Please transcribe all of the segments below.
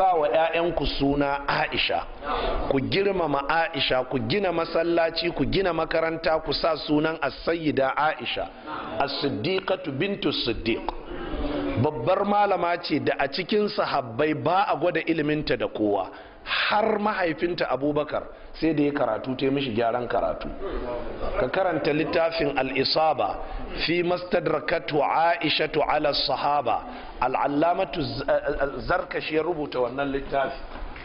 sa wa 'ya'yanku suna aisha ku girmama aisha ku gina masallaci ku gina makaranta ku sa sunan as-sayyida aisha as-siddiqatu bintu siddiq babbar malama ce da a cikin sahabbai ba a gwada iliminta da kowa har mahaifinta abubakar sai da ya karatu ta mishi gyaran karatu ka karanta littafin al-isaba fi mastadrakatu aishatu ala sahaba al al'allamatu zarkashi ya rubuta wannan littafi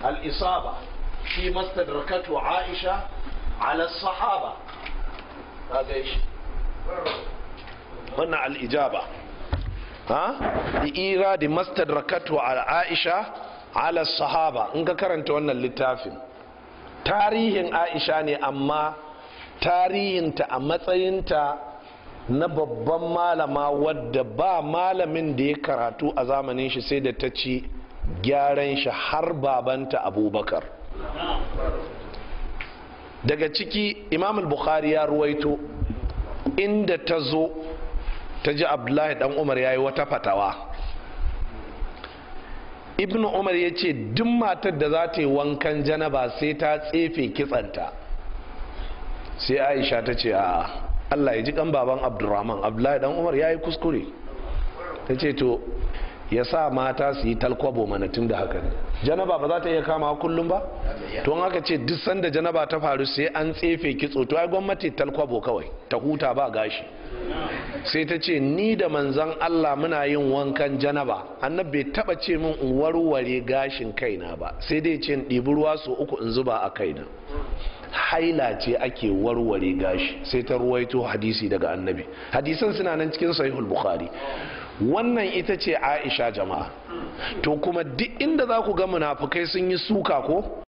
al-isaba fi mastadrakatu aisha ala sahaba ka shi wannan al'ijaba ha da ira da mastadrakatu ala aisha ala sahaba in ka karanta wannan littafin tarihin aisha ne amma tarihinta a matsayinta na babban malama wadda ba malamin da ya karatu a zamanin shi sai da ta ci gyaran shi har babanta abubakar daga ciki imam bukhari ya ruwaito inda ta zo ta ji abdullahi dan umar ya yi wata fatawa ibn umar ya ce duk matar da za ta yi wankan janaba sai ta tsefe kitsanta sai aisha ta ce a allah ya ji kan baban abdurrahman abdullahi dan umar ya yi kuskure ta ce to ya sa mata su yi talkwabo mana tun da haka ne janaba ba za ta iya kama kullum ba to haka ce duk sanda janaba ta faru sai an tsefe kitso to ai gwamnati talkwabo kawai ta huta ba gashi sai ta ce ni da manzan Allah muna yin wankan janaba annabi bai taba ce min in warware gashin kaina ba sai dai ce in ɗibi ruwa su uku in zuba a kaina haila ce ake warware gashi sai ta ruwaito hadisi daga annabi hadisan suna nan cikin sahihul bukhari wannan ita ce aisha jama'a to kuma duk inda za ku ga munafukai sun yi suka ko